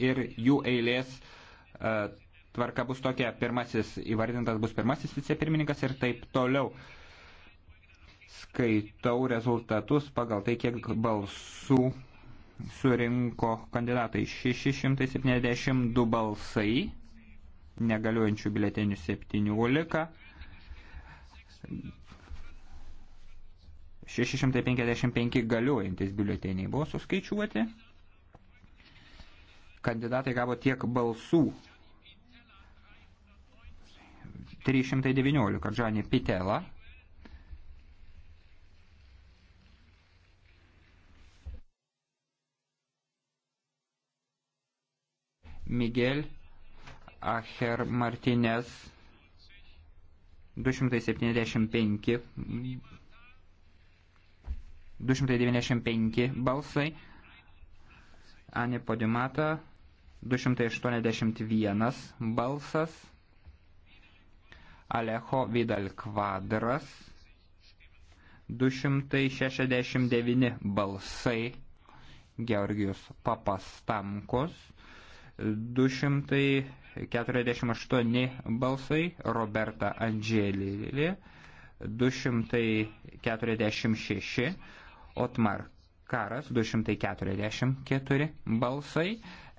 ir jų eilės e, tvarka bus tokia, pirmasis įvardintas bus pirmasis vicepirmininkas ir taip toliau. Skaitau rezultatus pagal tai, kiek balsų surinko kandidatai 672 balsai, negaliuojančių biletinių 17, 655 galiuojantis biuleteniai buvo suskaičiuoti kandidatai gavo tiek balsų. 319 Džani Pitela. Miguel Acher Martinez 275 295 balsai Ani Podimata 281 balsas, Alejo Vidal Kvadras 269 balsai, Georgijus Papastamkos 248 balsai, Roberta Andželėlė 246, Otmar Karas 244 balsai,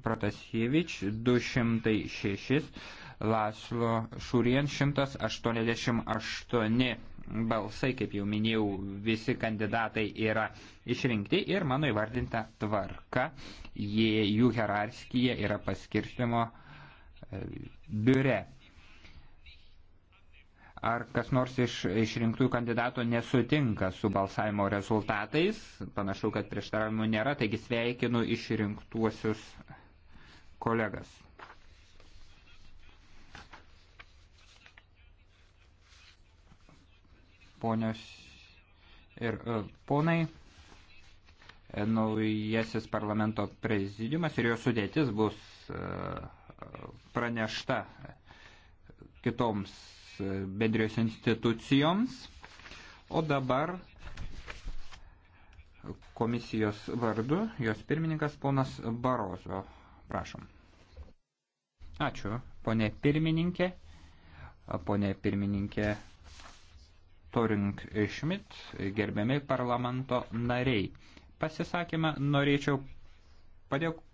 Protasievič 206, Laslo Šurien 188 balsai, kaip jau minėjau, visi kandidatai yra išrinkti ir mano įvardinta tvarka, jie, jų hierarchija yra paskirstimo e, biure. Ar kas nors iš išrinktųjų kandidato nesutinka su balsavimo rezultatais? Panašu, kad prieštaravimų nėra, taigi sveikinu išrinktuosius kolegas. Ponios ir e, ponai, e, naujasis parlamento prezidiumas ir jo sudėtis bus e, pranešta kitoms bendrijos institucijoms. O dabar komisijos vardu jos pirmininkas ponas Barozo. Prašom. Ačiū, ponė pirmininkė. Ponė pirmininkė Toring Šmit, gerbiami parlamento nariai. Pasisakymą norėčiau padėkoti